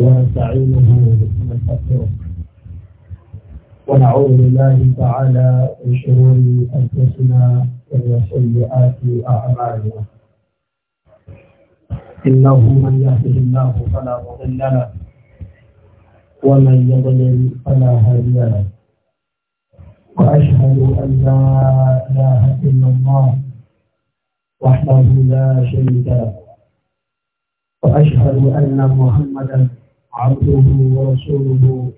ونستعينه ونستغفره ونعوذ بالله تعالى من شرور انفسنا وسيئات اعمالنا انه من يهده الله فلا مضل له ومن يضلل فلا هادي له واشهد ان لا اله الا الله وحده لا شريك له واشهد ان محمدا عبده ورسوله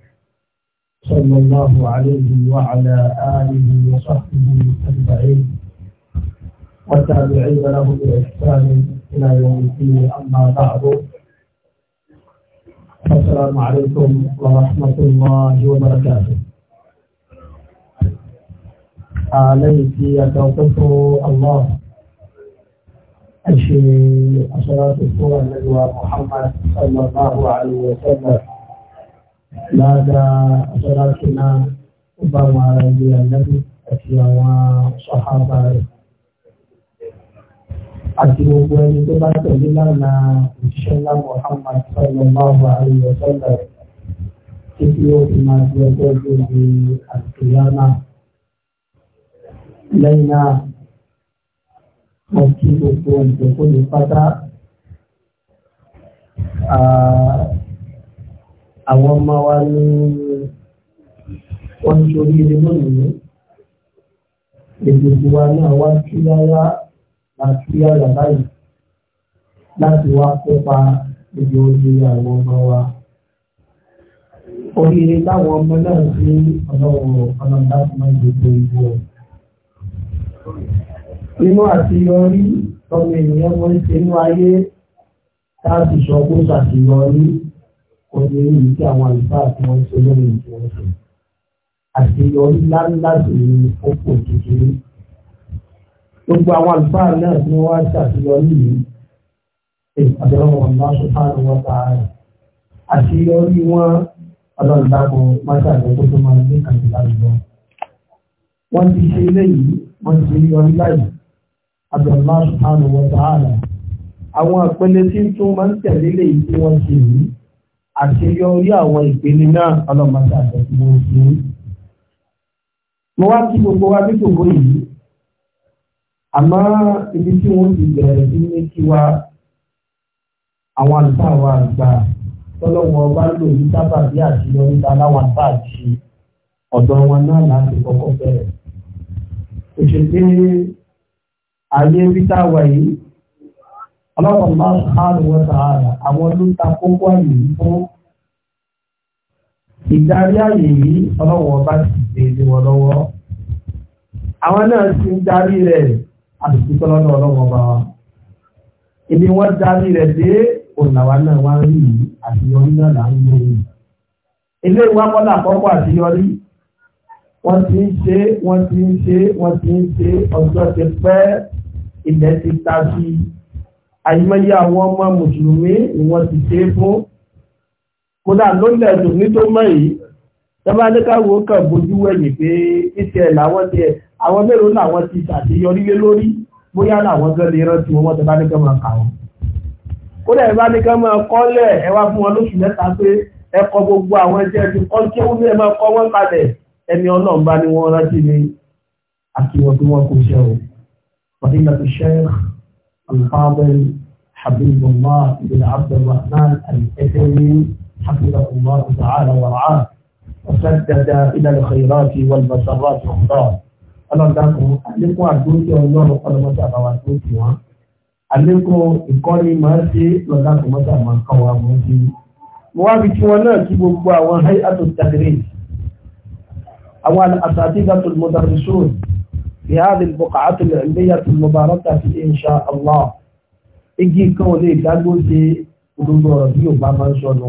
صلى الله عليه وعلى آله وصحبه أجمعين والتابعين له بإحسان إلى يوم الدين أما بعد السلام عليكم ورحمة الله وبركاته عليك يتوقف الله أشي عشرات الصور الذي محمد صلى الله عليه وسلم بعد عشراتنا ربما على النبي أشي وصحابة àti gbogbo ẹni tó bá tẹ̀lé lánàá òṣìṣẹ́ ńlá Muhammad sallallahu alayhi wa sallam tí ó fi máa di ọjọ́ gbogbo àtìyáná lẹ́yìn náà àti gbogbo ìjọ̀kọ́ lè pátá àwọn ọmọ wa ní wọ́n ti oríire lónìí èdèdè wa náà wá sí yáyá láti yáyà báyìí láti wá kópa èdè oríire àwọn ọmọ wa oríire táwọn ọmọ náà sí ọlọ́wọ́ ọlọ́dá fún ìgbègbè ìgbò inú àti yọrí ọmọ ènìyàn mọ́ ń ṣe inú ayé láti sọ pé ṣàṣeyọrí òní èyí tí àwọn àlùfáà tí wọ́n ń ṣe lórí ìdí wọn ṣe àṣeyọrí ńláńlá sì ni ó pò kékeré gbogbo àwọn àlùfáà náà tí wọ́n wá ṣàṣeyọrí yìí ṣe àbẹ̀wò wọn bá sọ fáàlù wọn bá rẹ̀ àṣeyọrí wọn ọlọ́ọ̀dàgbọ̀ máṣàlẹ̀ tó tó máa gbé kàdé láwùjọ wọ́n ti ṣe eléyìí wọ́n ti yọrí láyìí abdullahi wa ta'ala àwọn àpẹẹlẹ tí ń tún máa ń tẹ̀lé lè tí wọ́n ṣe yìí àṣeyọrí àwọn ìpele náà ọlọ́mọdé àtẹ̀síwò sí. mo wá kí gbogbo wa bí gbogbo yìí àmọ́ ibi tí wọ́n ti bẹ̀rẹ̀ sí ní kí wa àwọn àlùfáà wa àgbà tọ́lọ́wọ́ bá lò ní sábà bí àṣeyọrí ta láwọn àlùfáà ti ọ̀dọ̀ wọn náà láti kọ́kọ́ bẹ̀rẹ̀. òṣèlú ayé bíta wáyé ọlọ́pàá máa hàn wọ́n sàárà àwọn ló ta kókó àyè fún ìdarí àyè yìí ọlọ́wọ́ bá ti gbèdé wọn lọ́wọ́ àwọn náà ti ń darí rẹ̀ àtìkú tọ́lọ́nà ọlọ́wọ́ bá wa ibi wọ́n darí rẹ̀ dé òlàwà náà wá rí yìí àṣeyọrí náà là ń lò yìí ilé ìwà kọ́lá àkọ́kọ́ àṣeyọrí wọ́n ti ń ṣe wọ́n ti ń ṣe wọ́n ti ń ṣe ọjọ́ ti pẹ́ ilẹ̀ ti ta sí àìmọye àwọn ọmọ mùsùlùmí ni wọ́n ti ṣe fún kódà lónìí ẹ̀sùn ní tó mọ̀ yìí tọ́ba ní káwọ́ kàn bójú wẹ̀yìn pé ìṣẹ̀ làwọn tiẹ̀ àwọn mélòó làwọn ti ṣàṣeyọrí lé lórí bóyá làwọn gan lè rántí wọn wọ́n tọ́ba ní kàn máa kà wọ́n ni àti wọn tí wọn kò ṣe فضيلة الشيخ الفاضل حبيب الله بن عبد الرحمن الأثري حفظه الله تعالى ورعاه وسدد إلى الخيرات والمسرات والخضار ọlọ́dàkùn àlékún àdúrótì ọlọ́run ọlọ́mọdé àbáwá àdúrótì wọn àlékún ìkọ́ni máa ń ṣe lọ́dàkùn mọ́tà máa ń kọ́ wa mọ́ sí i. mo wá bí tí wọn náà kí gbogbo àwọn hayatu tadris àwọn asatidatul mudarrisun في هذه البقعة العلمية المباركة إن شاء الله igi kan ò lè dágbó ṣe gbogbo ọ̀rọ̀ bí yóò bá máa ń sọnù.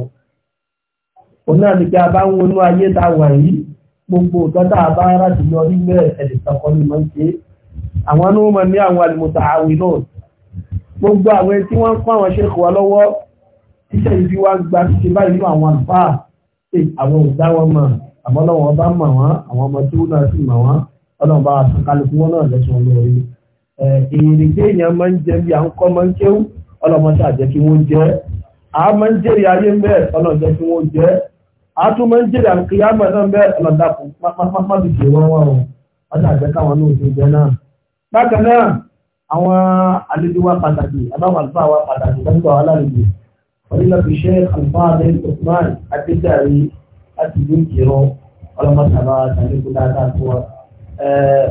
òun náà ni pé a bá ń wọnú ayé tá a wà yìí gbogbo nǹkan tá a bá láti lọ rí bẹ́ẹ̀ ẹ̀dẹ̀ kankan ni máa ń ṣe. àwọn ní wọ́n máa ní àwọn àlùmọ̀tà àwìn náà. gbogbo àwọn tí wọ́n ń kọ́ àwọn ṣe kọ́ wa lọ́wọ́ iṣẹ́ ibi wa gba ṣíṣe báyìí nínú àwọn àlùfáà àwọn òdá wọn mọ̀ àmọ́ lọ́wọ́ bá mọ̀ wọ́n àwọn ọmọ tó náà sì mọ̀ wọ́n ọlọ́run bá wa sọ kálukú wọn náà lẹ́sùn olóore èrè téèyàn máa ń jẹ bí à ń kọ́ máa ń kéwú ọlọ́run ṣáà jẹ́ kí wọ́n jẹ́ a máa ń jèrè ayé ń bẹ́ẹ̀ ọlọ́run jẹ́ kí wọ́n jẹ́ a tún máa ń jèrè àkíyàmọ̀ náà bẹ́ẹ̀ ọlọ́run dàpọ̀ pápá ti ṣe wọ́n wọ́n o wọ́n ṣáà káwọn náà ṣe jẹ́ náà. bákan náà àwọn àlejò wa pàtàkì àbáwọn àlùfáà wa pàtàkì lọ́gbà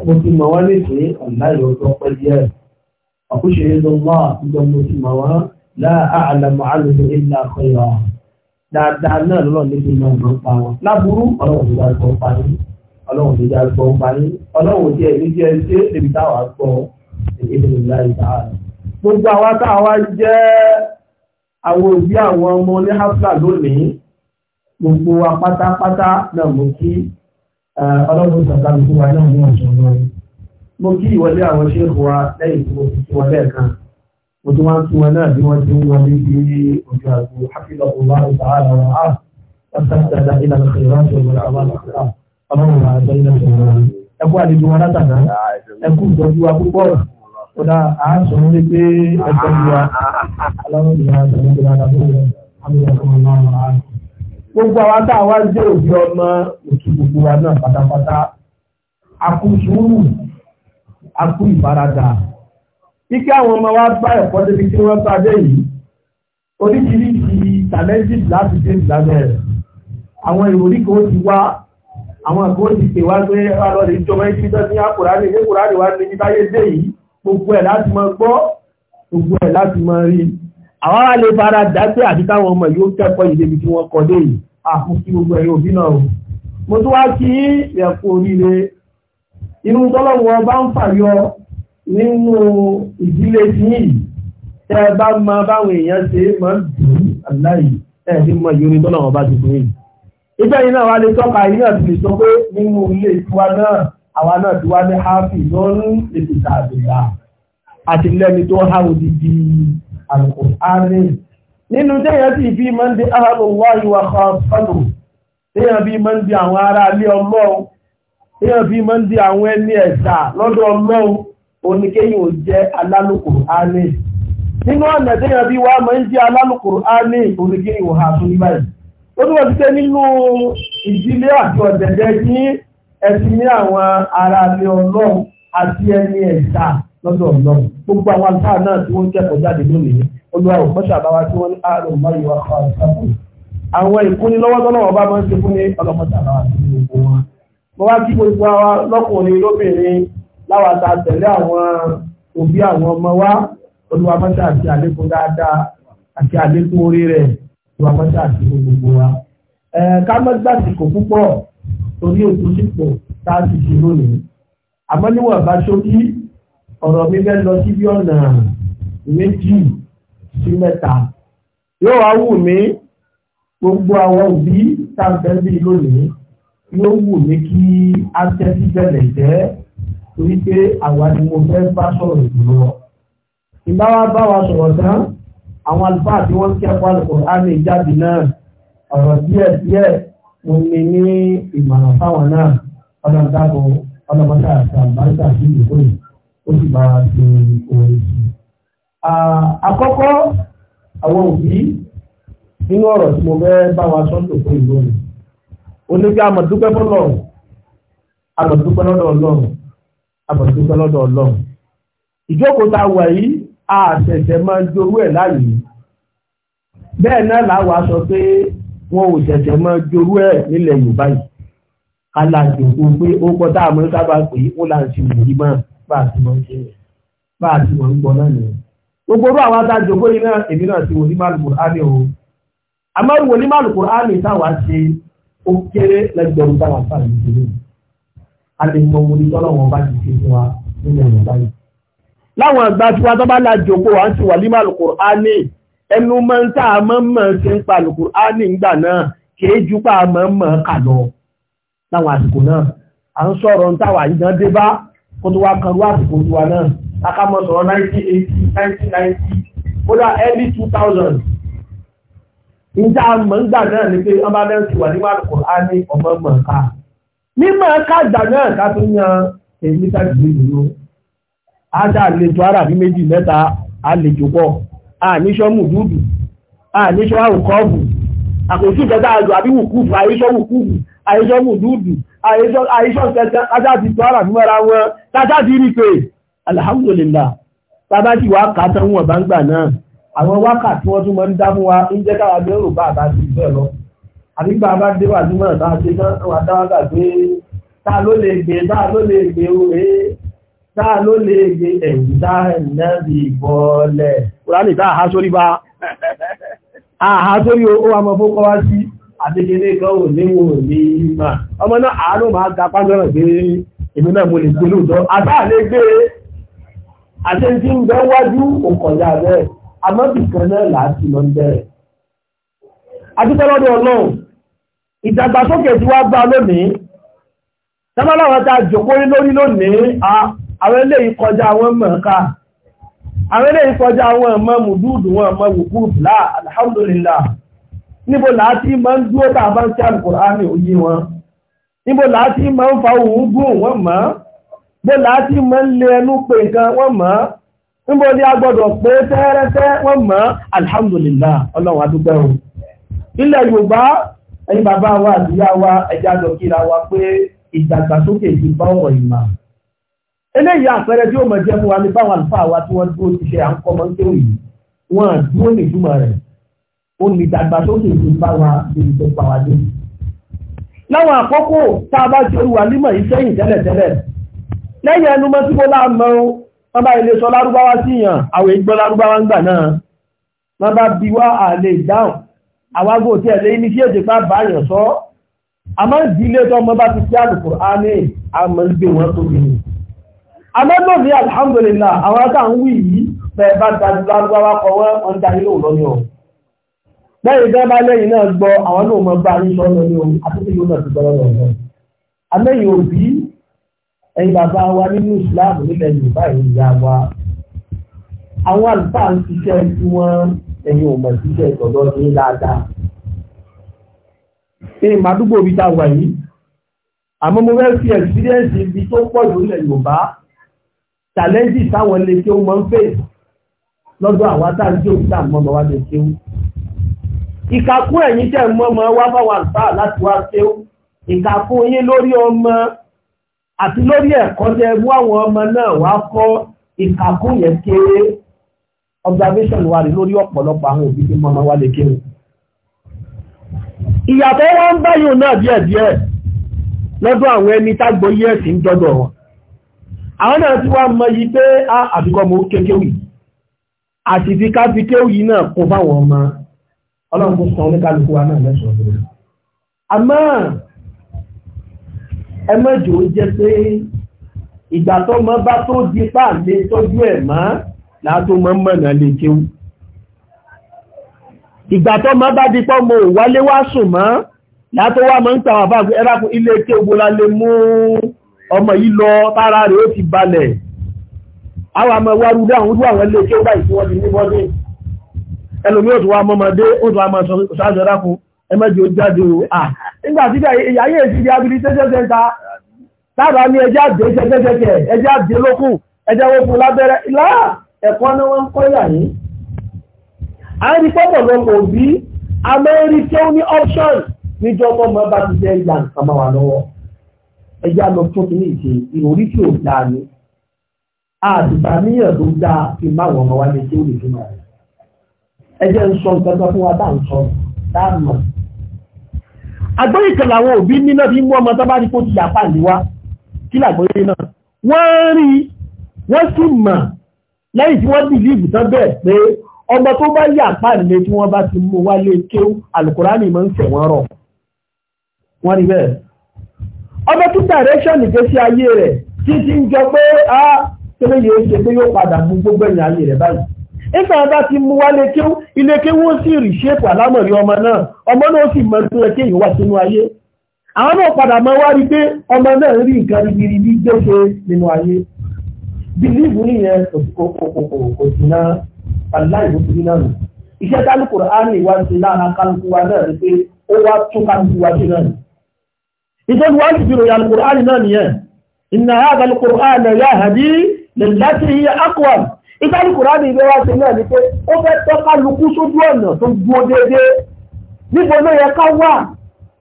mo ti mọ̀ wọ́n léṣe ọ̀nà ìrọ̀tọ́ pẹ́ díẹ̀ àkúṣe ìlọ́wọ́ àtijọ́ mo ti mọ̀ wọ́n láàlàmọ́ àlùfẹ́ ìlà àkọyọ̀ dáadáa náà lọ́nà níbi ìmọ̀ ìmọ̀ pa wọn láburú ọlọ́run ti dáa gbọ́ pa yín ọlọ́run ti dáa gbọ́ pa yín ọlọ́run ti ẹ̀mí jẹ́ ṣé èmi táwa gbọ́ èmi ní ìlà ìta gbogbo àwa táwa jẹ́ àwọn òbí àwọn ọmọ ní hafla lónìí gbogbo wa náà mo kí Eh, ọlọ́run sọ̀tàbí fún wa náà ní ọ̀ṣọ́rọ̀ rẹ̀. Mo kí ìwọlé àwọn ṣéèkù wa lẹ́yìn tí mo fi sí wọn lẹ́ẹ̀kan. Mo tún wá ń tún wọn náà bí wọ́n ti ń wọlé bí ojú àgbo Hafidọ̀ Ọba Ìsàhálà wa á ọ̀sánṣẹ́dá ìlànà ìrọ̀ṣẹ̀ ìwọlé àwọn àkàrà ọlọ́run wa àjọ ilẹ̀ ìṣòro rẹ̀. Ẹ kú àlejò wọn látàná. Ẹ kú wa púpọ̀. Kódà à ń sọ wọlé pé ẹ tọ́jú wa. Ọlọ́run ìwà àjọ ìlànà ìṣòro rẹ̀ gbogbo àwọn tá a wá jẹ́ òbí ọmọ òtù gbogbo wa náà pátápátá akú sùúrù akú ìfaradà ike àwọn ọmọ wa bá ẹ̀kọ́ débi tí wọ́n bá dé yìí oríṣiríṣi tàlẹ́ǹtì láti dé ìlànà rẹ̀ àwọn ìròrí kan ti wá àwọn kan ti pè wá pé ọlọ́rin ìjọba ibi tó ní àkùránì ní kùránì wá ní báyé dé yìí gbogbo ẹ̀ láti máa gbọ́ gbogbo ẹ̀ láti máa rí àwọn ará lè fara dágbé àti táwọn ọmọ yóò kẹ́kọ̀ọ́ yìí débi tí wọ́n kọ́ dé yìí àfún ah, sí gbogbo ẹ̀yìn òbí náà o mo tún wá kí ẹ̀kú oríire inú tọ́lọ́wọ́ bá ń fàyọ nínú ìdílé tí yìí tẹ́ ẹ bá máa báwọn èèyàn ṣe máa ń dùn aláì ẹ̀ ní mọ ìyóni alùkùránì nínú tẹ́yà sí bí mọ́ ń di ahàlùwá ìwà kọ̀ọ̀sọ́nù tẹ́yà bí mọ́ ń di àwọn ará ilé ọlọ́run tẹ́yà bí mọ́ ń di àwọn ẹni ẹ̀dà lọ́dọ̀ ọlọ́run oníkéyìn ò jẹ́ alálùkùránì nínú ọ̀nà tẹ́yà bí wá mọ́ ń jẹ́ alálùkùránì lọ́dọ̀ ọ̀nà gbogbo àwọn àǹtá náà tí wọ́n kẹ́kọ̀ọ́ jáde lónìí olúwa ò mọ́ṣà bá wa tí wọ́n ní àárọ̀ mọ́ ìwà kọ́ àṣàkù àwọn ìkúnilọ́wọ́ tọ́lọ́wọ́ bá máa ń ṣe fún ní ọlọ́mọṣà bá wa sí gbogbo wọn. mo wá kí gbogbo wa lọ́kùnrin lóbìnrin láwa ta tẹ̀lé àwọn òbí àwọn ọmọ wa olúwa mọ́ṣà àti àlékún dáadáa àti àlékún orí rẹ̀ olúwa mọ́ṣà àti gbogbo wa. ká má gbàsìkò púpọ̀ torí ètò sípò tá a ti ṣe lónìí àmọ́ níwọ̀n bá ṣókí ọ̀rọ̀ mi fẹ́ lọ sí bí ọ̀nà méjì sí mẹ́ta yóò wá wù mí gbogbo àwọn òbí tàbí lónìí yóò wù mí kí á tẹ́sí bẹ̀rẹ̀ jẹ́ torí pé àwa ni mo fẹ́ bá sọ̀rọ̀ ìdúró lọ. wa bá wa sọ̀rọ̀ tán àwọn àlùfáà tí wọ́n kẹ́kọ̀ọ́ Al-Kùránì jáde náà ọ̀rọ̀ díẹ̀ díẹ̀ mo ní ní ìmọ̀ràn fáwọn náà ọlọ́dàbọ̀ ọlọ́mọdé àti àlùbáríkà sí ìdókòyè ó sì máa ṣe orin sí i. àkọ́kọ́ àwọn òbí nínú ọ̀rọ̀ tí mo fẹ́ bá wa sọ́ńtò fún ìlú rẹ̀ oníbi àmọ̀dúpẹ́ fọlọ́run àmọ̀dúpẹ́ lọ́dọ̀ ọlọ́run àmọ̀dúpẹ́ lọ́dọ̀ ọlọ́run ìjókòó ta wà yìí àṣẹ̀ṣẹ̀ máa ń jorú ẹ̀ láàyè bẹ́ẹ̀ náà làwa sọ pé wọn ò ṣẹ̀ṣẹ̀ máa jorú ẹ̀ nílẹ̀ Yorùbá yìí alájòkó pé ó kọ́ tá àmọ́ sábà pé ó là ń ṣe wòlíì máa bá a ti mọ̀ ń ṣe yẹn bá a ti mọ̀ ń gbọ́ náà nìyẹn. gbogbo orú àwọn adájọ́ gbóyè náà èmi náà ti wò ní máàlù kùránì o àmọ́ wò ní máàlù kùránì táwa ṣe ó kéré lẹ́gbẹ̀rún táwa sáà ní ìdílé a lè mọ wo ní tọ́lọ́wọ́n bá ti ṣe fún wa nínú ọ̀nà báyìí. láwọn àgbà tí wọ́n bá lájọ pé wọ́n ti wà ní máàlù kùránì ẹnu máa ń tá a mọ́ ṣe ń pa kùránì ńgbà náà kìí ju pa àmọ́ mọ́ kà lọ láwọn àsìkò náà à ń sọ̀rọ̀ táwa ìdán dé bá kó tó wá kan rú náà akámọ̀ 1980 1990 kódà early 2000 ìjà mọ̀ǹgbà náà ni pé ọba náà ti wà nígbà lùkọ̀ á ní ọmọ mọ̀ǹká mímọ̀ kájà náà ká tó yan èmi sáàtì ìlú ajá àlejò ara bí méjì mẹ́ta àlejò pọ̀ àníṣọ́ mùdúdù àníṣọ́ àrùkọ́ọ̀bù àkòsí ìjẹta àjò àbí wùkúfù àyíṣọ́ wùkúfù àyíṣọ́ wùdúdù àyíṣọ́ tàjáàdì tó ara mẹ́ra wọn tàjáàdì rí pé alhamdulillah tàbájì wá kàtàn wọn bá ń gbà náà àwọn wákàtí wọ́n tún mọ́ ń dá fún wa ń jẹ́ káwà bẹ́rù bá bá ti bẹ́ẹ̀ lọ àbí bá bá dé wà ní mọ́ ta ṣe tán wà dáwàgà pé ta ló lè gbé ta ló lè gbé oore ta ló lè gbé ẹ̀yìn tá ẹ̀nà bí bọ́ọ̀lẹ̀ kúránì tá a há sórí bá àhá torí ó wà mọ́ fún kọ́wá sí àtẹ́kẹ́lé kan ò níwò ní ìmá ọmọ náà àánú máa ga pàgbọ́nà pé èmi náà mo lè gbé lóòtọ́ àtàlẹ́ gbé àti tí ń bẹ wájú òkọ̀yà rẹ̀ amọ́bìkan ìdàgbàsókè tí wá bá lónìí sábàláwọn ta jòkó lórí lónìí àwọn eléyìí kọjá àwọn mọ̀ọ́ká àwọn ilé ìkọjá àwọn ọmọ mùdúùdù wọn ọmọ wùkú bla alhamdulillah níbo láti máa ń dúró tàbá ń ṣe alukùránì òye wọn níbo láti máa ń fa òun gùn wọn mọ́ bó láti máa ń lé ẹnu pé nǹkan wọn mọ́ níbo ni a gbọ́dọ̀ pé tẹ́rẹ́tẹ́ wọn mọ́ alhamdulillah ọlọ́run adúgbẹ́ o ilẹ̀ yorùbá ẹni bàbá wa àdúyá wa ẹja àjọkíra wa pé ìdàgbàsókè ti bá ọ̀rọ̀ ìmọ̀ eléyìí àpẹẹrẹ tí ó mọ̀ jẹ́ fún wa ní báwọn àlùfáà wa tí wọ́n dúró ti ṣe à ń kọ́ ọmọ nítorí yìí wọ́n á dúró lè túmọ̀ rẹ̀ ó ní ìdàgbàsókè tó bá wa débi tó bá wa dé. láwọn àkókò tá a bá ti rú wa nímọ̀ yìí sẹ́yìn tẹ́lẹ̀tẹ́lẹ̀ lẹ́yìn ẹnu mọ́ tí mo lá mọ́ o wọ́n bá ilé sọ lárúbáwá sí yàn àwọn ìgbọ́ lárúbáwá ń gbà náà wọ́n bá bi wá àlè ìdáhùn àwágò tí ẹ̀ lé sí èdè bá bá yàn sọ àmọ́ ìdílé tó ọmọ bá ti sí àlùkò á ní àmọ́ ń gbé wọn tóbi ni amẹ́lòmí alhamdulilá àwọn ata ń wí yìí bẹ́ẹ̀ bá dájú lárúbáwá kọwọ́ wọn darí lóò lọ́ní o lẹ́yìn bẹ́ẹ̀ bá lẹ́yìn náà gbọ́ àwọn náà mọ bá yín sọ́nà ní o àtúntò yóò náà ti gbọ́dọ̀ lọ́nà amẹ́yìn òbí ẹ̀yin bàbá wa nínú Islam nílẹ̀ Yorùbá yìí ìyá wa àwọn àlùfáà ń ṣiṣẹ́ tí wọ́n ẹ̀yin ò mọ̀ ṣiṣẹ́ ìtọ́jọ́ ní dáadáa ìmọ̀ àdúgbò bíi ta wà yìí àmọ́ mo fẹ́ fi ẹ̀sìrẹ́ǹsì ibi tó pọ̀ jù nílẹ̀ Yorùbá challenge táwọn ilé kí ó mọ́ ń fèsì lọ́dọ̀ àwọn àtàjọ òkúta mọ́mọ́ wá lè kéwú ìkàkú ẹ̀yìn tẹ́ mọ́mọ́ wá fáwọn àǹfà láti wá kéwú ìkàkú yín lórí ọmọ àti lórí ẹ̀kọ́ tẹ mú àwọn ọmọ náà wá kọ́ ìkàkú yẹn kéré observation wa rí lórí ọ̀pọ̀lọpọ̀ àwọn òbí tí mọ́mọ́ wá lè kéwú ìyàtọ̀ wọn ń báyìí náà díẹ̀díẹ̀ lọ́dọ̀ àwọn ẹni tágbọ́ yẹ́ẹ̀sì ń dọ́dọ̀ wọn àwọn náà tí wá mọ yí pé á àbíkọ́ mọ kékéwì àti fi ká fi kéwì náà kó fáwọn ọmọ ọlọ́run kó san oníkálukú wa náà lẹ́sọ̀ọ́ lórí àmọ́ ẹ mọ́jọ́ jẹ́ pé ìgbà tó mọ́ bá tó di páàlé tọ́jú ẹ̀ mọ́ látó mọ́ mọ̀nà lè kéwù ìgbà tó mọ́ bá di pọ́ mo wálé wá sùn mọ́ látó wá mọ́ ń tàwọn àbá ẹ̀rákùn ilé kéwù la lè mú ọmọ yìí lọ tára rẹ̀ ó ti balẹ̀ àwọn àmọ́ wá rúdá àwọn ojú àwọn ilé tí ó bá ìfúnwọ́n ti ní bọ́dé ẹlòmí ò tó wá mọ́mọdé ó tó wá mọ́ sáàjọ dákú ẹmẹ́jì ó jáde o à ìyáyé èsì ni wọ́n ń kọ́ yà option níjọ́ tó mọ́ bá ti jẹ́ ìgbà nǹkan lọ́wọ́ ẹjá lọ tún kí ní ìṣe ìròrí tí ò dáa ni àtìgbà níyàn tó dáa fi má wọ̀n ọmọ wa ní tí ó lè fi mọ̀ rẹ̀ ẹ jẹ́ ń sọ nǹkan tó fún wa bá ń sọ dáa mọ̀. àgbọ̀yé kan làwọn òbí níná fi ń mú ọmọ tó bá ní kó ti yàpá ìléwá kí làgbọ̀yé náà wọ́n rí wọ́n sì mọ̀ lẹ́yìn tí wọ́n bìlíìfù tán bẹ́ẹ̀ pé ọmọ tó bá yàpá ìlé tí wọ́n bá ti mú wálé kéw àlùkùránì ọmọ tí direction ìgbésí ayé rẹ̀ tí ti ń jọ pé á tẹ́lẹ̀ yóò ṣe pé yóò padà mú gbogbo ẹ̀yìn ayé rẹ̀ báyìí ìfẹ́ ọba ti mú wá lékéwú ilékéwú ó sì rí ṣépù àlámọ̀rí ọmọ náà ọmọ náà ó sì mọ tó ẹkẹ́ ìwà sínú ayé àwọn náà padà mọ wá rí pé ọmọ náà rí nǹkan ribiribi gbèsè nínú ayé bìlíìfù nìyẹn kò sí náà aláìwò sí náà nù iṣẹ́ kálukú rẹ̀ á ní ìwà sí lára kálukú wa náà rí pé ó wá tún kálukú wa sí náà nù ìtọ́jú wá sí ìròyìn alkùránì náà nìyẹn inna hadha alkùránì yahdi lillati hiya aqwam ìtọ́jú kùránì ìgbé wá sí náà ni pé ó fẹ́ tọ́ka lukú sójú ọ̀nà tó gbó déédéé níbo ló yẹ ká wà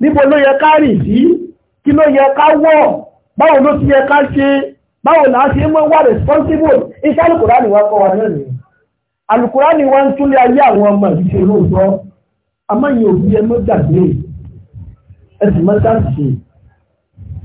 níbo ló yẹ ká rìn sí kí ló yẹ ká wọ̀ báwo ló ti yẹ ká ṣe báwo là ṣe mọ́ wà responsible iṣẹ́ wá kọ́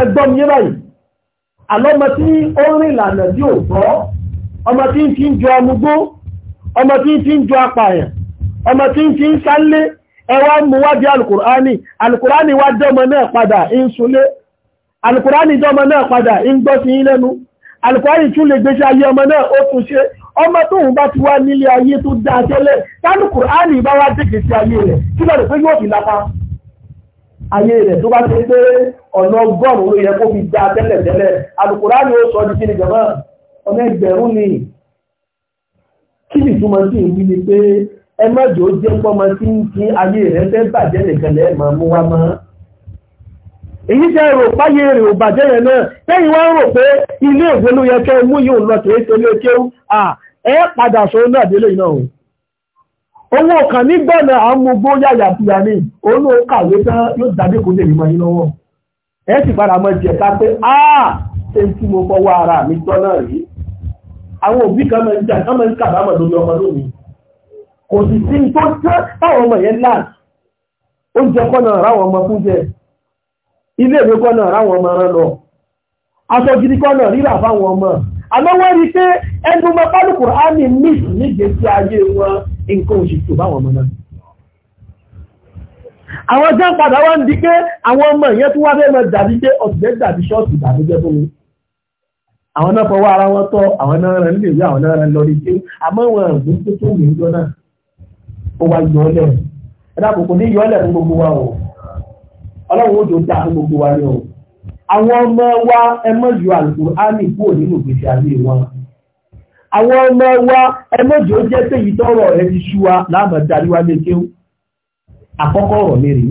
ẹgbọ́n yé báyìí àlọ́mọ tí ó rìn ìlànà bí ò tọ́ ọmọ tí ń fi ń jọ amúgbó ọmọ tí ń fi ń jọ apààyàn ọmọ tí ń fi ń sálé ẹwà mú wá di alùkùránì alùkùránì wá dọ́mọ náà padà ń súnlé alùkùránì dọ́mọ náà padà ń gbọ́ sí lẹ́nu alùkùránì tún lè gbéṣẹ́ ayé ọmọ náà ó tún ṣe ọmọ tóun bá ti wá nílé ayé tó ayé rẹ̀ tó bá ti pé ọ̀nà ọgọ́rùn-ún ló yẹ kó fi dá tẹ́lẹ̀ tẹ́lẹ̀ alukóra ni ó sọ di kíni jọ̀mọ́ ọ̀nà ẹgbẹ̀rún ni kí ni túmọ̀ sí ìwí ni pé ẹ má jò ó jẹ́ pọ́mọ tí ń kí ayé rẹ̀ fẹ́ bàjẹ́ nìkan lẹ́ẹ̀ máa mú wá mọ́ èyí jẹ́ rò páyé rẹ̀ ò bàjẹ́ yẹn náà tẹ́yìn wá ń rò pé ilé ìwé ló yẹ kẹ́ mú yóò lọ tèé tẹ́lẹ̀ kéwú ẹ padà sọ náà délé náà owó ọkàn nígbọ̀nà àmúgbó yàyà fìyà ni òun ló kàwé tán yóò dáadé kó lè rí mọ́ yín lọ́wọ́ ẹ sì padà mọ́ jẹ ká pé áà ṣe ń tí mo fọwọ́ ara mi tọ́ náà rí àwọn òbí kan máa ń jà kán máa ń kàbámọ̀ lórí ọmọ lónìí kò sì sí tó tẹ́ nǹkan oṣù tó báwọn ọmọ náà àwọn jẹ́ padà wá ń di pé àwọn ọmọ ìyẹn tó wá bẹ́ẹ̀ mọ dàbí pé ọ̀sẹ̀ dàbí ṣọ́ọ̀tì dàbí jẹ́ fún mi àwọn náà fọwọ́ ara wọn tọ́ àwọn náà rẹ̀ nílé àwọn náà rẹ̀ lọ rí pé àmọ́ wọn ò tó tó mi jọ náà ó wá yọ ọlẹ̀ ẹ dákun kò ní yọ ọlẹ̀ fún gbogbo wa o ọlọ́run ó jò dá fún gbogbo wa ni o àwọn ọmọ wa ẹ mọ̀ ju àlùkò á nì kúrò nínú ìgbésí ayé wọn àwọn ọmọ wa ẹlẹ́jì ó jẹ́ pé ìtọ́rọ̀ rẹ̀ ti ṣú wa láàmà darí wa lékè ó àkọ́kọ́ ọ̀rọ̀ mẹ́rin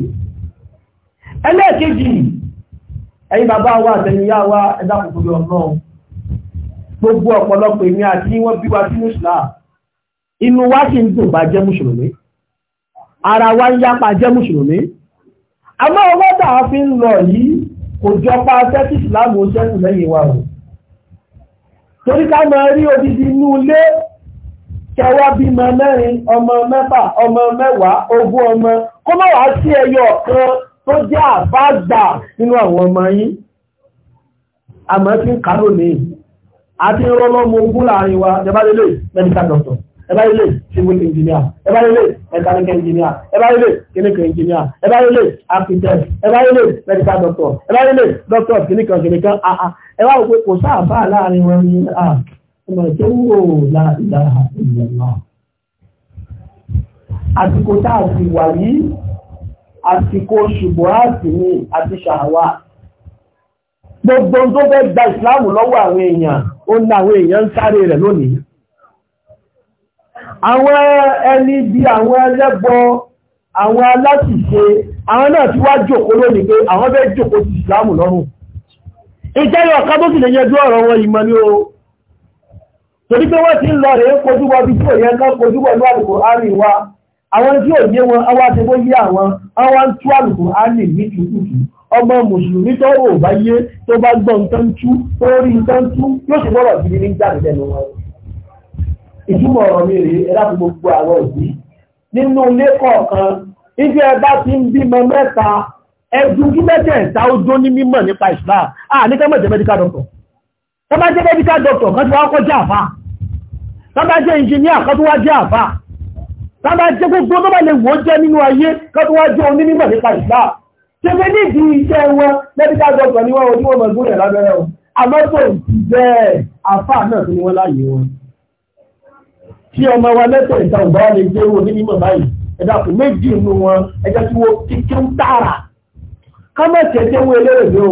ẹlẹ́ẹ̀kejì ẹ̀yin bàbá wa àtẹ̀yìnyá wa ẹ̀dá kòkòrò ọ̀nà gbogbo ọ̀pọ̀lọpọ̀ èmi àti wọ́n bí wa sí mùsùlá inú wa sì ń dùn bá jẹ́ ara wa ń yápa jẹ́ mùsùlùmí àmọ́ ọwọ́ tàà fi torí ká máa rí odidi inú ilé kẹwàá bímọ mẹ́rin ọmọ mẹ́fà ọmọ mẹ́wàá ogún ọmọ kó má wàá sí ẹyọ kan tó jẹ́ àbágbà nínú àwọn ọmọ yín àmọ́ tí ń ní àti rọlọ́mọ ogún láàrin wa jẹba lélẹ̀ medical doctor ẹbá ilé civil engineer ẹbá ilé mechanical engineer ẹbá ilé clinical engineer ẹbá ilé architect ẹbá ilé medical doctor ẹbá ilé doctor clinical clinical aa ah, ah. ẹbá wò pé kò sáàbà láàrin wọn ní à la la wò láìlà ìlànà àsìkò tá a sì wà Ati àsìkò ṣùgbọ́n àti ní àti ṣàwà gbogbo tó fẹ́ gba ìsìláàmù lọ́wọ́ àwọn èèyàn ó ní àwọn èèyàn ń sáré rẹ̀ lónìí àwọn ẹni bí àwọn ẹlẹ́bọ àwọn aláṣìṣe àwọn náà ti wá jòkó lónìí pé àwọn fẹ́ jòkó ti ìsìlámù lọ́rùn ìjẹ́rì ọ̀ká tó sì lè yẹjú wọn ìmọ̀ ni o torí pé wọ́n ti ń lọ rẹ̀ ń kojúbọ̀ bí tí ò yẹ ká kojúbọ̀ ní àlùkò àárín wa àwọn tí ò yé wọn awá ti bó yé àwọn awá ń tú ọmọ mùsùlùmí tó rò bá yé tó bá tú tó rí tú ìtumọ̀ ọ̀rọ̀ mi rèé ẹ láti gbogbo àwọn òbí nínú ilé kọ̀ọ̀kan ibi ẹ bá ti ń bímọ mẹ́ta ẹdùn kí mẹ́tẹ̀ẹ̀ta ó dó ní mímọ̀ nípa Islam à ní kẹ́mọ̀ jẹ́ medical doctor tó bá jẹ́ medical doctor kan tí wọ́n kọ́ jẹ́ àfà tó bá jẹ́ engineer kan tó wá jẹ́ àfà tó bá jẹ́ gbogbo tó bá lè wọ́n jẹ́ nínú ayé kan tó wá jẹ́ onímọ̀ nípa Islam ṣe fẹ́ iṣẹ́ wọn medical doctor ni wọ́n ojú wọn mọ̀ gbóyè lábẹ́rẹ́ wọn àmọ́ tó ń bẹ́ẹ̀ àfà náà tó ní wọ́n láyé wọn tí ọmọ wa lẹ́tọ̀ ìta ọ̀gbà wa lè gbé owó ní mímọ̀ báyìí ẹ̀dá kò méjì nínú wọn ẹ̀jẹ̀ tí wọ́n kíkí ń tààrà kámẹ́tì ẹ̀jẹ̀ wo elérèdè o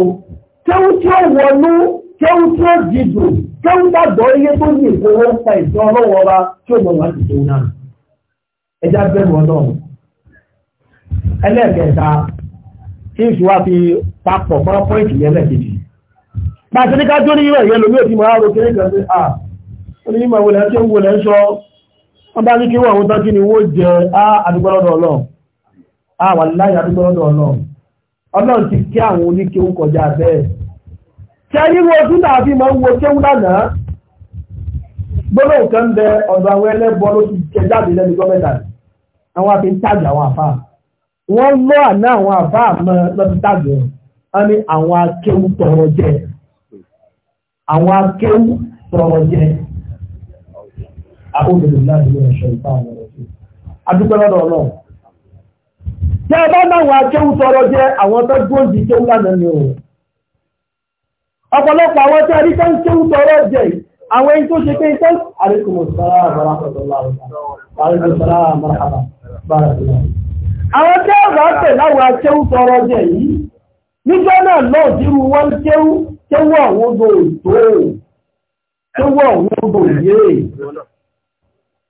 kéwú tí ó wọnú kéwú tí ó dìbò kéwú dàgbọ́ iye tó ní ìfowó ń pa ìtọ́ ọlọ́wọ́ wa tí ó mọ̀ wá ti tó náà ẹ̀jẹ̀ abẹ́rù ọlọ́run ẹlẹ́ẹ̀kẹta tí ìṣúwá fi papọ̀ mọ́ pọ́ìntì yẹn lẹ́ẹ̀kejì pàṣẹ ní ká jó ní ìwẹ̀ yẹn lómi òfin máa ro kéré kan sí à ah, onímọ̀ wọlé ń sọ Ọ bá ní kí wọ́n àwọn tán ni wó jẹ àdúgbọ́lọ́dọ̀ ọlọ́run àwà láyé àdúgbọ́lọ́dọ̀ ọlọ́run ọlọ́run ti kí àwọn oníkéwú kọjá bẹ́ẹ̀ ṣe ríro ojú náà fi máa ń wo kéwú lánàá gbọ́dọ̀ kan ọ̀dọ̀ àwọn ẹlẹ́bọ ló ti jẹ jáde lẹ́nu àwọn afi ń àfà wọ́n àná àwọn àfà mọ́ tàgé àkókò náà ní ẹ̀ṣọ́ ìta àwọn ọ̀rọ̀ sí. adúpẹ́ lọ́dọ̀ ọlọ́run. tí a bá náwọn akéwù tọrọ jẹ́ àwọn tó gbòòdì kéwù lánàá ni o. ọ̀pọ̀lọpọ̀ àwọn tí a rí tó ń kéwù tọrọ jẹ́ àwọn ẹni tó ṣe pé iṣẹ́ àríkùmọ̀ sára àmàrà àwọn tí a bá tẹ̀ láwọn akéwù tọrọ jẹ́ yìí nígbà náà lọ́ọ̀ dírú wọn kéwù kéwù àwọn àwọn odò yéè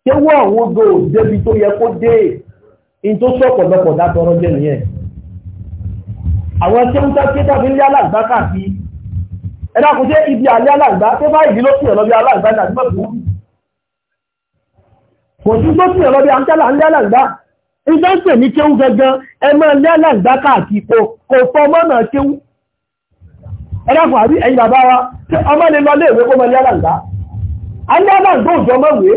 kéwọ́ àwọn odò débi tó yẹ kó dé in tó sọ pọ̀lọpọ̀ dátọrọ jẹ́ nìyẹn àwọn tí ó ń tẹ́ tàbí ní alàgbà káàkì ẹ̀dá jẹ́ ibi àlẹ́ alàgbà tó bá ìdí ló sì ẹ̀lọ́bí alàgbà ní àdúgbò tó kò sí tó sì ẹ̀lọ́bí àńtẹ́là ní alàgbà ìjọ ń pè ní kéwú gangan ẹ máa ọmọ lè lọ lé ìwé kó mọ ní alàgbà alẹ́ alàgbà òjò mọ́wèé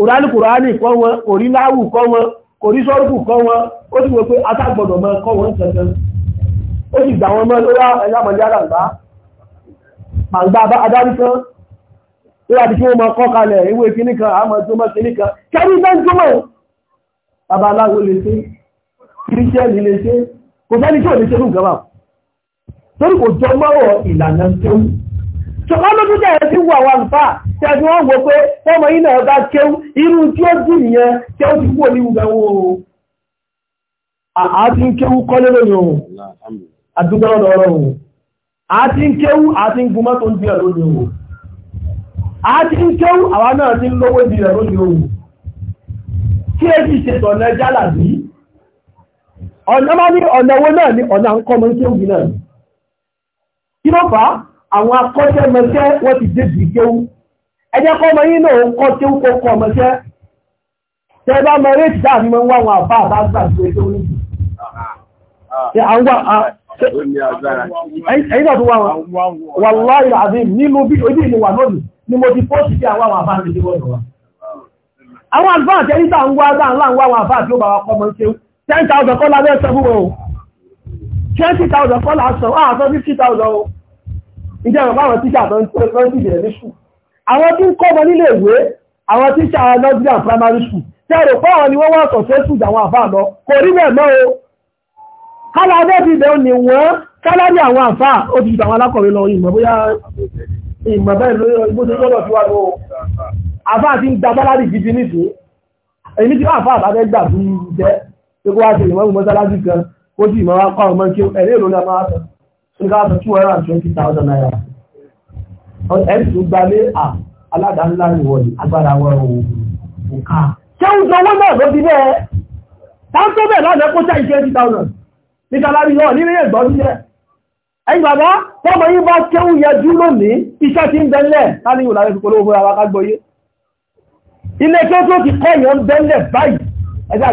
orí kùránì kọ́ wọn orí láwù kọ́ wọn orí sọ́rùkù kọ́ wọn ó sì wọ́n pé atágbọ̀dọ̀ mọ́ kọ́ wọn tẹ̀tẹ̀ ó sì gbà wọn mọ́ lórí ẹ̀yàmọ̀lẹ́ àgbà àgbà kan lórí àti kí wọ́n máa kọ́ kalẹ̀ ìwé kan àmọ́ tó mọ́ kan kẹ́rí bẹ́ẹ̀ babaláwo lè ṣe ṣọ̀kan ló dúdẹ̀ ẹ̀ sí wà wà ń fà tẹ́jú wọ́n wò pé ọmọ yìí náà bá kéwú irú tí ó dì nìyẹn tí ó ti kú òní wùgbẹ̀ wò ó àti ń kéwú kọ́lé lónìí o àdúgbò lọ́dọ̀ ọ̀rọ̀ o àti ń kéwú àti ń gun mọ́tò ń bíyà lónìí o àti ń kéwú àwa náà ti ń lówó àwọn akọ́ṣẹ́mọṣẹ́ wọ́n ti dé kéwú ẹjẹ́ kọ́ ọmọ yín náà ń kọ́ kéwú kó kọ́ ọmọṣẹ́ tẹ́ bá mọ ìtìdá àwọn àbá àbá gbà tó ẹjọ́ níbi ẹ̀yìn náà tó wá wọn wà láì àbí nínú bí ojú ìlú wà lónìí ni mo ti sí àwọn àbá àti ẹ̀yìn tàà ń wá àwọn àbá àti ìjẹ́ àwọn báwọn tíṣà tó ń tọ́ ìjìnlẹ̀ school àwọn tí ń kọ́ ọmọ nílé ìwé àwọn tíṣà nursery and primary school tí a rò pé àwọn ni wọ́n wá successful àwọn àfáà lọ kò rí bẹ́ẹ̀ mọ́ o kálá bẹ́ẹ̀ ti bẹ́ẹ̀ ni wọ́n kálá ní àwọn àfáà ó ti ju àwọn alákọ̀wé lọ ìmọ̀ bóyá ìmọ̀ bẹ́ẹ̀ lórí bó ti lọ́dọ̀ fi wá lọ àfáà ti ń gba sálárì gidi nìsín èmi ti fáàfáà bá fẹ́ gbà fún jẹ́ pé kó wá ṣe ìmọ̀ ìmọ̀ sálárì kan ó sì nígbà tó two hundred twenty thousand naira ẹ̀sùn tó gbalé à aládàá-ńlá ìwọ̀lì agbára wọn ò kò ká. ṣé ń jọ owó náà ló fi bẹ́ẹ̀ táńtó twenty thousand ní sálárí náà nínú ẹ̀gbọ́n sílẹ̀. ẹ̀yin bàbá tọ́mọ yín bá kéwù yẹjú lónìí iṣẹ́ ti ń bẹ́ńlẹ̀ láti ìwòlá rẹ̀ fipolówó fún ara kágbọ́ yé. ilé tó tó ti kọ́ yẹn ń bẹ́ńlẹ̀ báyìí ẹ̀dá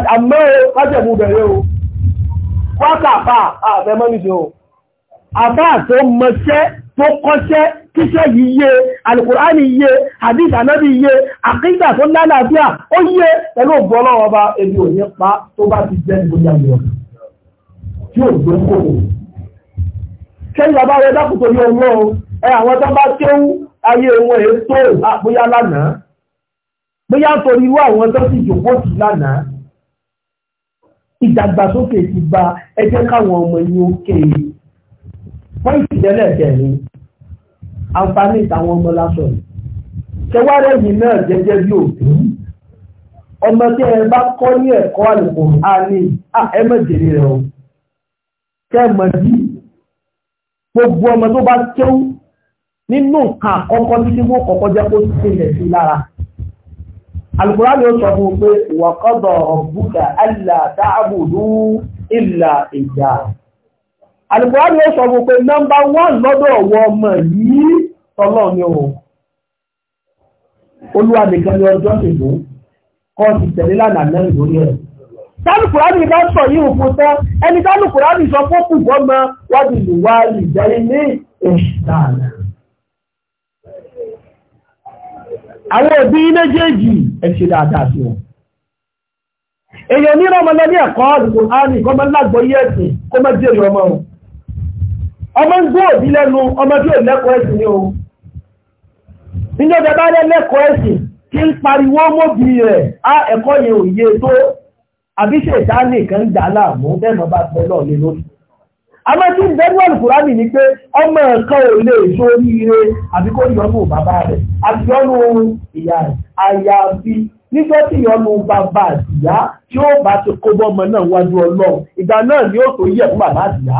àbá tó mọṣẹ́ tó kọ́ṣẹ́ kíṣẹ́ yìí yé alìkùránì yé hadith anábì yé àkídà tó lálàáfíà ó yé pẹ̀lú ògbọ́lọ́wọ́ bá ebi òní pa tó bá ti jẹ́ ìgbóyà mìíràn tí ò gbé kòkò kẹ́yìn bàbá rẹ̀ dákùtò ní ọlọ́run ẹ àwọn tó bá kéwú ayé wọn ètò bóyá lánàá bóyá torí irú àwọn tó sì jòkó sí lánàá ìdàgbàsókè ti ba ẹ jẹ́ káwọn ọmọ yín ó kéye pọ́ǹtì tẹ́lẹ̀ tẹ̀lé àǹfààní ìtàwọn ọmọ lásán ṣẹwárẹ́ yìí náà jẹ́jẹ́ bí òbí ọmọ tí ẹ bá kọ́ ní ẹ̀kọ́ àlùkò á ní rẹ̀ o kẹ́ ẹ gbogbo ọmọ tó bá kéwú nínú nǹkan àkọ́kọ́ títí wọ́n kọ́kọ́ jẹ́ kó tilẹ̀ sí lára alukura ni ó sọ fún un pé wàkọ́dọ̀ ọ̀bùkà àìlà dáàbò lù ìlà ìjà alùpùpù ó sọ fún pé nọ́mbà wọ́n lọ́dọ̀ ọ̀wọ́ ọmọ yìí tọ́lọ́ ni o olúwa nìkan ni ọjọ́ ìlú kọ́ ti tẹ̀lé lánàá náà lórí ẹ̀ tálùkùránì bá sọ yìí òfin tán ẹni tálùkùránì sọ fún kùgbọ́ mọ wájú ìlúwa ìjẹ́rí ní ìṣàlẹ̀ àwọn òbí méjèèjì ẹ ṣe dáadáa sí wọn èèyàn ní ọmọ lọ ní ẹ̀kọ́ àdìgbò ààrin kọ́mọ lágbọ́yé ẹ̀sìn kọ́mọ jèrè ọmọ wọn ọmọ ń gbọ́ òbí lẹ́nu ọmọ tí ò lẹ́kọ̀ọ́ ẹ̀sìn ni o níjọ́ tẹ bá lẹ́ lẹ́kọ̀ọ́ ẹ̀sìn kí ń pariwo mọ́bí rẹ̀ á ẹ̀kọ́ yẹn ò yé tó àbí ṣèṣá nìkan dà láàmú bẹ́ẹ̀ mọ́ bá pẹ́ náà lé lórí àmọ́ tí ń bẹ́rù àlùkùránì ni pé ọmọ ẹ̀kan ò lè so oríire àbí kó yọnu bàbá rẹ̀ àti yọnu ìyá àyàfi nígbà tí yọnu bàbá àtìyá tí ó bá ti kó bọ́mọ náà wájú ọlọ́run ìgbà náà ni ó tó yẹ fún bàbá àtìyá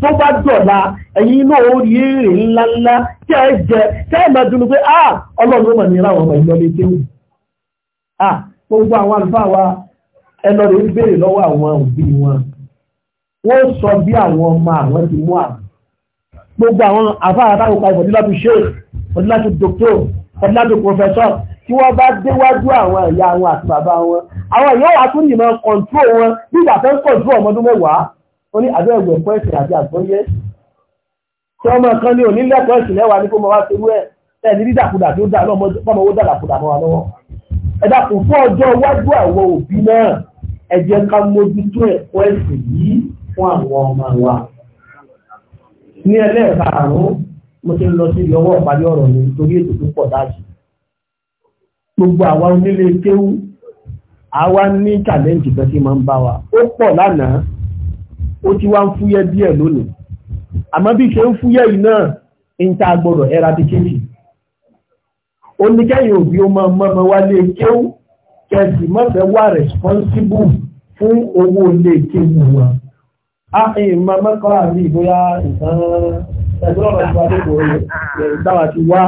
tó bá dọ̀la ẹ̀yin náà ó rí èrè ńláńlá tí ẹ jẹ tí ẹ máa dunu pé ah ọlọ́run ó mà ní ìlànà ọmọ ìlọlé tẹ́wù ah gbogbo àwọn àlùfáà wa ẹ lọ rèé béèrè lọ́wọ́ àwọn òbí wọn wọ́n sọ bí àwọn ọmọ àwọn ti mú àwọn gbogbo àwọn àfáà táwọn kan ìfọ̀dílátù sheikh ìfọ̀dílátù doctor ìfọ̀dílátù professor tí wọ́n bá déwájú àwọn ẹ̀yà wọn àti bàbá wọn àwọn ìyá wa tún yìí máa kọ̀ǹtró wọn bí ìgbà fẹ́ kọ̀ǹtró ọmọdún mẹ́wàá ó ní àjọ ẹ̀gbẹ̀ fún ẹ̀sìn àti àgbọ́yé tí ọmọ kan ní òní ẹ̀sìn lẹ́wàá ní kó mọ wá ẹ̀ ẹ̀ ní dídàkudà tí ó dà lọ́mọ owó dàdàkudà mọ́ wa lọ́wọ́ ẹ dákun fún ọjọ́ iwájú àwọn òbí náà ẹ jẹ́ ká mójútó ẹ̀kọ́ ẹ̀sìn yìí fún àwọn ọmọ wa ní ẹlẹ́ẹ̀karùn-ún mo ti ń lọ sí ìyọwọ́ ìparí ọ̀rọ̀ mi nítorí ètò tó pọ̀ dájú gbogbo àwa onílé kéwú àwa ní challenge kan tí máa ń bá wa ó pọ̀ lánàá ó ti wá ń fúyẹ́ díẹ̀ lónìí àmọ́ bí ṣe ń fúyẹ́ yìí náà ń ta gbọ́dọ̀ eradicate ó ní kẹ́yìn òbí ó máa mọ́mọ́ wálé kéwú kẹsì mọ́fẹ́ wà responsible fún owó ilé kéwú wa a ẹ̀yìn máa mọ́kànlá mi bóyá ìtàn ẹgbẹ́ ọ̀rọ̀ ìgbà tó kò rẹ̀ ìdáwà ti wá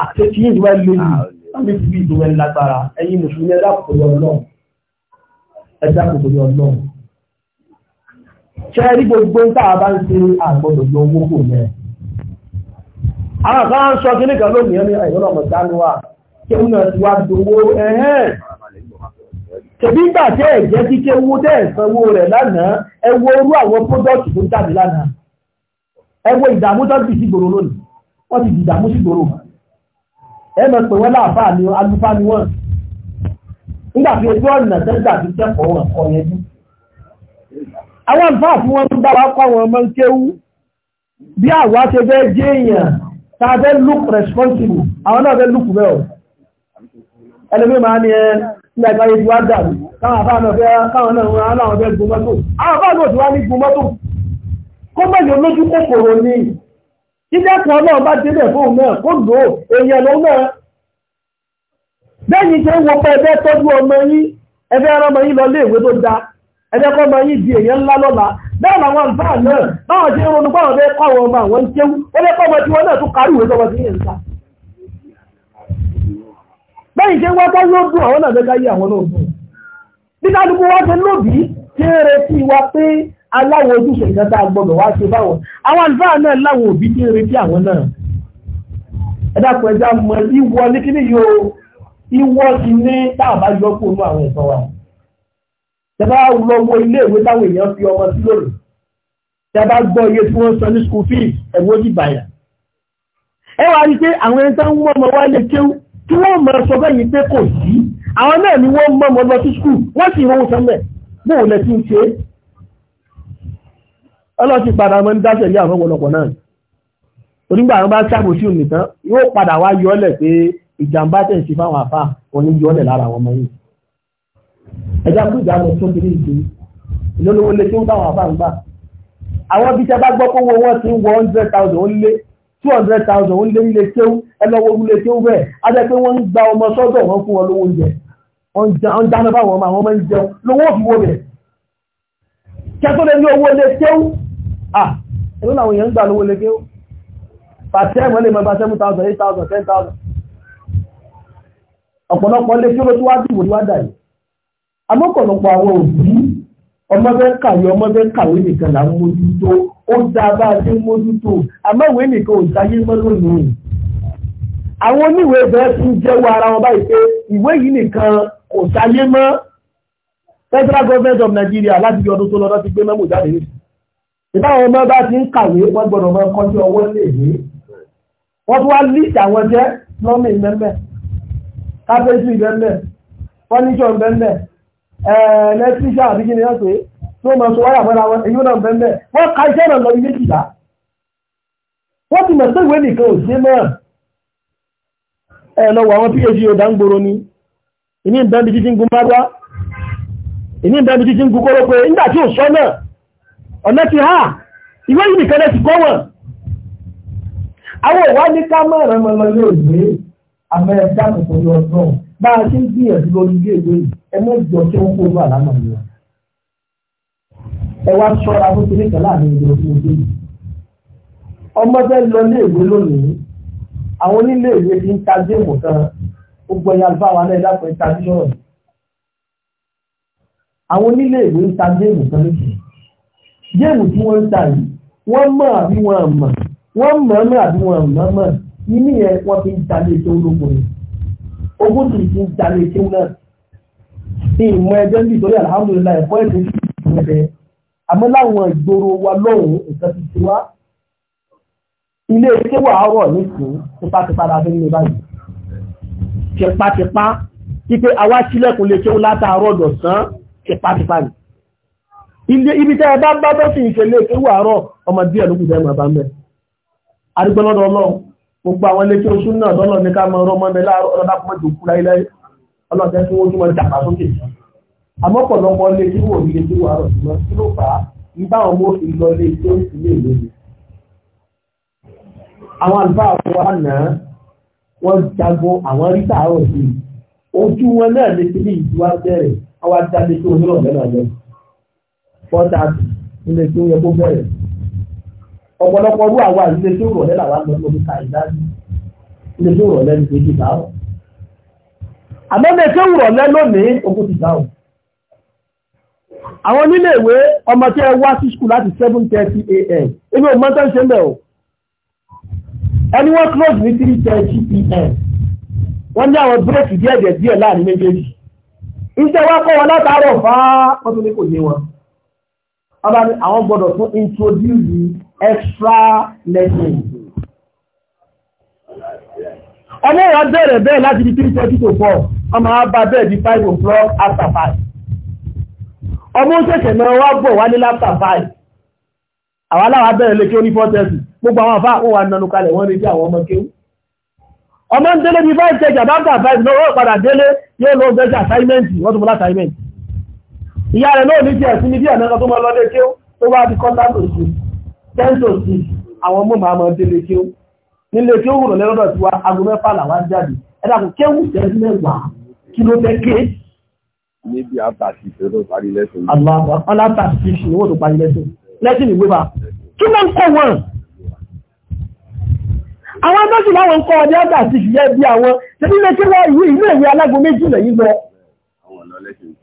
àti tí yìí wá lóyún láti fi bí ìdúwẹ́ lágbára ẹ̀yin mùsùlùmí ẹ̀dá kòkòrò ṣe rí gbogbo tá a bá ń ṣe àgbọ̀dọ̀ yọ owó kò mẹ́. àwọn kan ń sọ kíní kan lónìí ẹni ẹ̀yọ́ lọ́mọ wa kí ó náà ti wá dowó ẹ̀hẹ́n. tèmi gbà tẹ́ ẹ̀ jẹ́ kí kéwú tẹ́ ẹ̀ rẹ̀ lánàá ẹ wo orú àwọn pọ́dọ̀tì tó jáde lánàá ẹ wo ìdààmú tó bì sí gbòòrò lónìí wọ́n ti di ìdààmú sí ẹ mọ̀ pé wọ́n láàfáà ni alúfáà ni wọ́n nígbà tí ojú ọ̀nà tẹ́gbà ti kẹ́kọ̀ọ́ wọn kọ́ yẹn àwọn àǹfàà fún wọn ń bá wa kọ́ àwọn ọmọ kéwú bí àwa ṣe fẹ́ jẹ́ èèyàn tá fẹ́ look responsible àwọn náà fẹ́ look well ẹlẹ́mí máa ní ẹ ní àgbáyé tí wá dàrú káwọn àbá náà fẹ́ káwọn náà wọn aláwọ̀ fẹ́ gun mọ́tò àwọn àbá náà ti wá ní gun mọ́tò kó mẹ́jọ lójú kòkòrò ni jíjẹ́ kan náà bá débẹ̀ fóun náà kó lò ó èèyàn lòun náà bẹ́ẹ̀ ni ṣe ń wo pé ẹgbẹ́ tọ́jú ọmọ yín ẹgbẹ́ ọmọ yín lọ léèwé tó dáa ẹ̀dẹ́kọ́ ma yí di èyàn ńlá lọ́la bẹ́ẹ̀ làwọn nǹkan náà báwọn ti ronú báwọn bẹ́ẹ̀ kọ́ àwọn ọmọ àwọn kéwú ẹ̀dẹ́kọ́ ọmọ tí wọ́n náà tún kárí ìwé sọ́wọ́ sí yẹn nǹkan. bẹ́ẹ̀ wá yóò dùn àwọn náà yí àwọn náà dùn. bí wá ṣe lóbi ṣe retí wa pé aláwọ̀ ojúṣe a gbọ́dọ̀ wá ṣe báwọn àwọn àlùfáà náà láwọn òbí ti ń retí àwọn náà. tẹ́bá lọ wo ilé ìwé táwọn èèyàn fi ọmọ sí lónìí tẹ́bá gbọ́ iye tí wọ́n sọ ní school fees ẹ̀wọ́n ti bàyà. ẹ wá rí i pé àwọn ẹni tá ń mú ọmọ wá lè kéwú kí wọ́n mọ̀ sọ bẹ́ẹ̀ ni pé kò sí àwọn náà ni wọ́n mọ̀ ọmọ lọ sí school wọ́n sì rówó sọ́mẹ̀ bóun lẹ ti ń ṣe é. ọlọ́sìn padà máa ń dáṣẹ̀ àwọn ọ̀pọ̀lọpọ̀ náà onígbà àwọn bá ṣàbò sí òmìtán yóò padà wá yọ́lẹ̀ pé ìjàmbá tẹ̀ sí fáwọn àfà òní yọ́lẹ̀ lára àwọn ọmọ yìí ẹ̀dá kú ìjà lọ sóbi ní ìgbé ìlólówó lé tí ó táwọn àbá ń gbà. àwọn bíi tẹ́ bá gbọ́ pé owó wọn ti ń wọ hundred thousand ó lé two hundred thousand ó lé nílé kéwú ẹ lọ wo nílé kéwú bẹ́ẹ̀ á jẹ́ pé wọ́n ń gba ọmọ sọ́dọ̀ wọn fún wọn lówó oúnjẹ wọ́n dáná báwọn ọmọ àwọn ọmọ ń jẹun lówó òfin wo bẹ̀. kẹ́tọ́ lè ní owó lé kéwú à èló làwọn èèyàn ń gbà lówó lé kéwú pàṣẹ ìwọlé mọ́ bá seven thousand eight thousand ten thousand ọ̀pọ̀lọpọ̀ lé kéwú tó wá dìbò ní wá dà yìí amọ́pọ̀lọpọ̀ àwọn òbí ọmọ fẹ́ kàwé ọmọ fẹ́ kàwé nìkan là ń mójútó ó dá bá a ṣe ń mójútó àmọ́ ìwé nìkan ò dáyé mọ́ lónìí àwọn oníwèé bẹ́ẹ̀ tún jẹ́wọ́ ara wọn báyìí pé ìwé yìí nìkan kò dáyé mọ́ federal government of Nigeria láti ọdún tó lọ́dọ́ ti gbé mẹ́mú jáde ní ìbáwọn ọmọ bá ti ń kàwé wọ́n gbọ́dọ̀ mọ́ kọjú ọwọ́ lè ní wọ́n tún wá list àwọn jẹ́ plumbing mẹ́mẹ́ carpentry mẹ́mẹ́ furniture mẹ́mẹ́ ẹ̀ẹ́lẹ́tíṣà àbíkí ni láti tó ma sọ wáyà mọ́ra wọn èyí náà bẹ́ẹ̀ wọ́n ka iṣẹ́ náà lọ ilé jìlá wọ́n ti mọ̀ ìwé nìkan ò sí náà ẹ lọ wọ àwọn phd ọ̀dà ni ìní ìbẹ́bi títí ń gun bá nígbà tí ò sọ náà ọ̀nà ti há ìwé yìí nìkan lẹ́sì kọ́ wọn. àwọn ìwádìí ká mọ̀ ọ̀rọ̀ ọmọ ọmọ ilé bá a ṣe ń gbìyànjú lórí ilé ìwé ẹ mọ ìjọ tí wọn kó lọ àlámà ni wọn. ẹ wá ṣọ́ra fún kíní kan láàrin ìjọ fún ojú yìí. ọmọ fẹ́ lọ ilé ìwé lónìí àwọn onílé ìwé ti ń ta géèmù kan gbogbo ẹ̀yà àlùfáà wa náà ẹ dákun ẹ ta bíṣọ̀rọ̀. àwọn onílé ìwé ń ta géèmù kan lókè. géèmù tí wọ́n ń ta yìí wọ́n mọ̀ àbí wọ́n mọ̀ wọ́n mọ̀ mọ̀ àbí wọ́n mọ̀ mọ̀ ìní yẹn wọ́n fi ń ta ilé ìṣòro gbòòrò ogún tìrì ti ń jalè tí wọn náà ní ìmọ̀ ẹgbẹ́ ń bì lórí alhamdulilayi ẹ̀kọ́ ẹ̀sìn ti ti bẹ̀rẹ̀ àmọ́ láwọn ìgboro wa lọ́hùn nǹkan ti ti wá ilé iṣẹ́ wà á rọ̀ nísìnyí tipátipá la fi ń lè báyìí tipátipá wípé àwa sílẹ̀kùn lè ṣeun látàárọ̀ dọ̀sán tipátipá ni ilé ibi tẹ́ ẹ bá bá bọ́ sí ìṣẹ̀lẹ̀ ìṣẹ́wà àárọ̀ ọmọ díẹ̀ ló kù tẹ́ ẹ máa bá gbogbo àwọn ilé tí ó sún náà lọ́nà ní ká mọ ọrọ̀ mọ́bẹ láàárọ̀ ọlọ́dàkùnmọ́ tó kú láyé láyé ọlọ́dẹ tí wọ́n tún mọ́ dàgbà sókè àmọ́ pọ̀lọpọ̀ ilé tí wọ́n ilé tí wọ́n arọ̀ ṣùgbọ́n kí ló fà á ń bá àwọn ọmọ ìlọ ilé tí ó sì lè lóye. àwọn àlùfáà wa náà wọ́n jago àwọn rí sàárọ̀ sí i ojú wọn náà lè ti ní ìdíwá bẹ̀rẹ̀ àwọn adáde tó onírọ̀ ọ̀pọ̀lọpọ̀ ọdún àwa ìdílé tó rọ̀ lẹ́la wa ń lọ sí omi ká ìdájú ìdílé tó rọ̀ lẹ́nu kéjì bá ọ̀. àmọ́ ní ètò ìrọ̀ lẹ́ lónìí ogún ti bá àwọn onílé ìwé ọmọ tí ẹ wá sí skul láti seven thirty a.m. ebi ò mọ́tò ṣe ń o. ẹni wọ́n close ní three thirty p.m. wọ́n ní àwọn bírèkì díẹ̀ díẹ̀ díẹ̀ láàrin méjèèjì. iṣẹ́ wa kọ́ wọn látàárọ̀ fáá wọ́n tún ní kò ní wọn ọba ni àwọn gbọ́dọ̀ tún introduce extra lesson. ọmọ ìwà bẹ̀rẹ̀ bẹ́ẹ̀ láti di three thirty to four ọmọ àbá bẹ́ẹ̀ di five o'clock after five. ọmọ òṣèṣẹ̀ náà wá bọ̀ wá nílá after five. àwa láwa bẹ̀rẹ̀ lè kí ó ní four thirty gbogbo àwọn àfáà òun wà nánú kalẹ̀ wọ́n retí àwọn ọmọ kéwù. ọmọ ń délé bí five thirty àbáfà five náà wọ́n padà délé yóò lọ bẹ́ẹ̀ sí assignment wọ́n tún mú lá assignment ìyá rẹ̀ náà ní díẹ̀ sí ní díẹ̀ náà tó máa lọ́dẹ́ kí ó tó bá di kọ́ńtàtò sí tẹ́ńtò sí àwọn ọmọ màá máa délé kí ó nílé kí ó wùrọ̀ lẹ́rọ̀dọ̀ sí wa aago mẹ́fà làwa ń jáde ẹ dàpọ̀ kéwù jẹ́sí mẹ́wàá kí ló fẹ́ ké. níbi àtàkì tó tó parí lẹ́sìn. aláàbọ̀ ọlátàkì sí owó tó parí lẹ́sìn lẹ́sìn ìwé bá kí ló ń kọ́ wọn. àwọn ẹgbẹ́sìn láwọn ń kọ́ ọdẹ àtàkì sí yẹ bí àwọn ṣe nílé kí wọ́n ìwé ìlú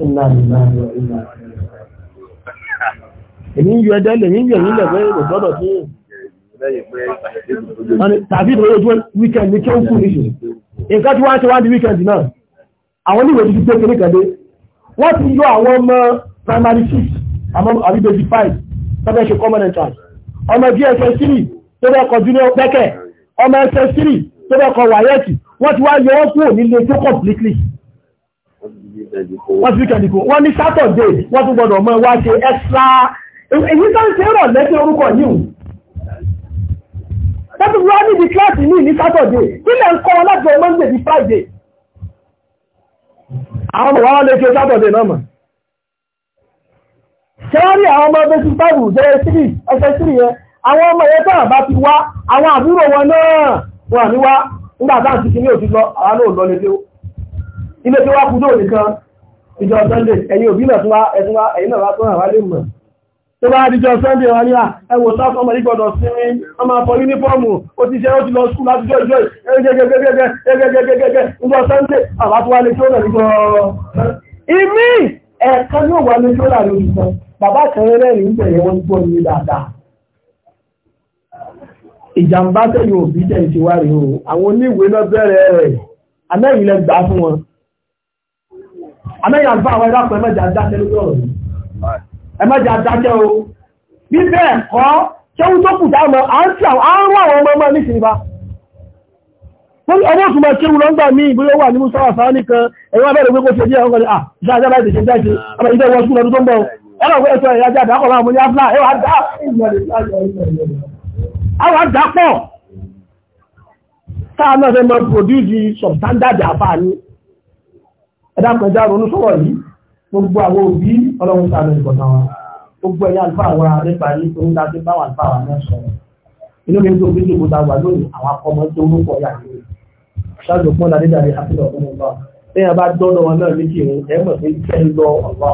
iná nìlá lọ iná èmi ń yọ ẹdẹ lè yín yẹ̀yìn lẹ̀ pé kò gbọ́dọ̀ sí tàbí ìdúró ojú wíkẹ̀ndì kí ó kú níṣù nǹkan tí wọ́n ti wá di wíkẹ̀ndì náà àwọn oníwèé ti gbé kéré kẹ́dé wọ́n ti yọ àwọn ọmọ primary six àmọ́ àbíbèjì five tọ́bẹ̀ ṣe common entrance ọmọ dss three tó bẹ́ kọ junior pẹ́kẹ̀ ọmọ ss three tó bẹ́ kọ wayeti wọ́n ti wá yọ ọ́ kúrò completely wọ́n ti weekend kó wọ́n ní Saturday wọ́n tún gbọ́dọ̀ mọ́ wá ṣe extra èyí tó ń ṣe rọ̀ lẹ́sí orúkọ yìí wọ́n tún wọ́n kíláàsì ní ní Saturday kí lẹ́ ń kọ́ wọn láti ọmọ Monday di Friday àwọn ọmọ wọn lè ṣe Saturday náà mọ̀ ṣé àwọn ọmọ bẹ́sí báàbù jẹ́ ẹsẹ̀ sírì yẹn àwọn ọmọ yẹn tó àbá ti wá àwọn àbúrò wọn náà ilé tó wá kú tó nìkan ìjọ sunday ẹ̀yin òbí náà tún wá ẹ̀tún wá ẹ̀yin náà wá tó hàn wá lè mọ̀ tó bá díjọ sunday wọn ní à ẹwọ south ọmọ ní gbọ́dọ̀ sinmi wọn máa fọ yúnífọ́ọ̀mù ó ti ṣe ó ti lọ skul láti jọjọ gẹgẹgẹgẹgẹgẹgẹgẹgẹ níjọ sunday àwọn àtúwá lè tó náà níjọ ìmí ẹ̀ẹ̀kan yóò wà ní tó rà lórí sọ bàbá kan àmẹ́yà bá àwọn ẹ̀rọ ẹ̀mẹ́jà dákẹ́ lórí ọ̀rọ̀ yìí ẹ̀mẹ́jà dákẹ́ o bí bẹ́ẹ̀ kọ́ ṣéwú tó kù dáa mọ́ à ń tí àwọn arúgbó àwọn ọmọ ọmọ ní sinimá ọmọ òsùnmọ̀ kéwù lọ ń gbà mí ìbúlé wà ní musawa sáà nìkan ẹ̀yọ́ abẹ́rẹ́ pé kó ṣe díẹ̀ ọkọ̀ ní à ìṣe ajá láti ṣe jáde ọmọ ìṣe wọ́n sùn lọ́dún tó ń bọ̀ ọ̀rọ̀ pé ẹ̀sọ́ ẹ̀yà mọ́ produce substandard àfáà ní ẹ̀dàpẹ̀já ronú sọ̀rọ̀ yìí gbogbo àwọn òbí ọlọ́run sáré ìgbọ̀nà wa gbogbo ẹ̀yà àlùfáà wa nípa ní orí ta ti bá wà àlùfáà wa náà sọ̀rọ̀ inú mi tó fi dìbò ta wà lónìí àwọn akọmọ tó ń pọ̀ yà lórí ṣáàjò pọ́n ládé dàrí àfihàn fún ọgbà bẹ́ẹ̀ bá dọ́dọ̀ wọn náà méjì rẹ̀ ẹ̀ mọ̀ pé iṣẹ́ ń lọ ọ̀gbà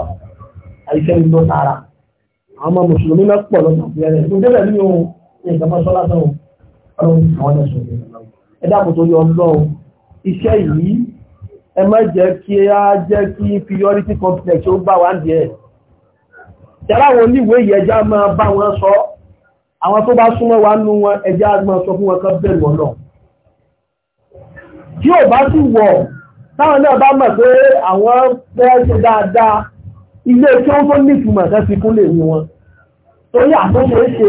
iṣẹ́ ń lọ tààrà àwọn ọmọ mùsùlùmí náà pọ̀ lọ́sàn ẹ má jẹ́ kí á jẹ́ kí inferiority complex ó bá wá díẹ̀ tẹ́láwọn oníwé ìyẹjá máa bá wọn sọ àwọn tó bá súnmọ́ wa nú wọn ẹjá máa sọ fún wọn kan bẹ̀rù ọ̀nà tí ò bá sì wọ̀ táwọn náà bá mọ̀ pé àwọn fẹ́ ṣe dáadáa ilé tí ó tó nítumọ̀ kan fi kún lè ní wọn torí àtúnṣe ṣe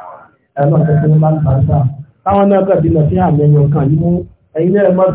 ẹ̀rọ ọ̀sẹ̀ tó máa ń bá sá. Táwọn náà kàbí lọ sí àmì ẹ̀yọ̀ kan yìí mú ẹ̀yin náà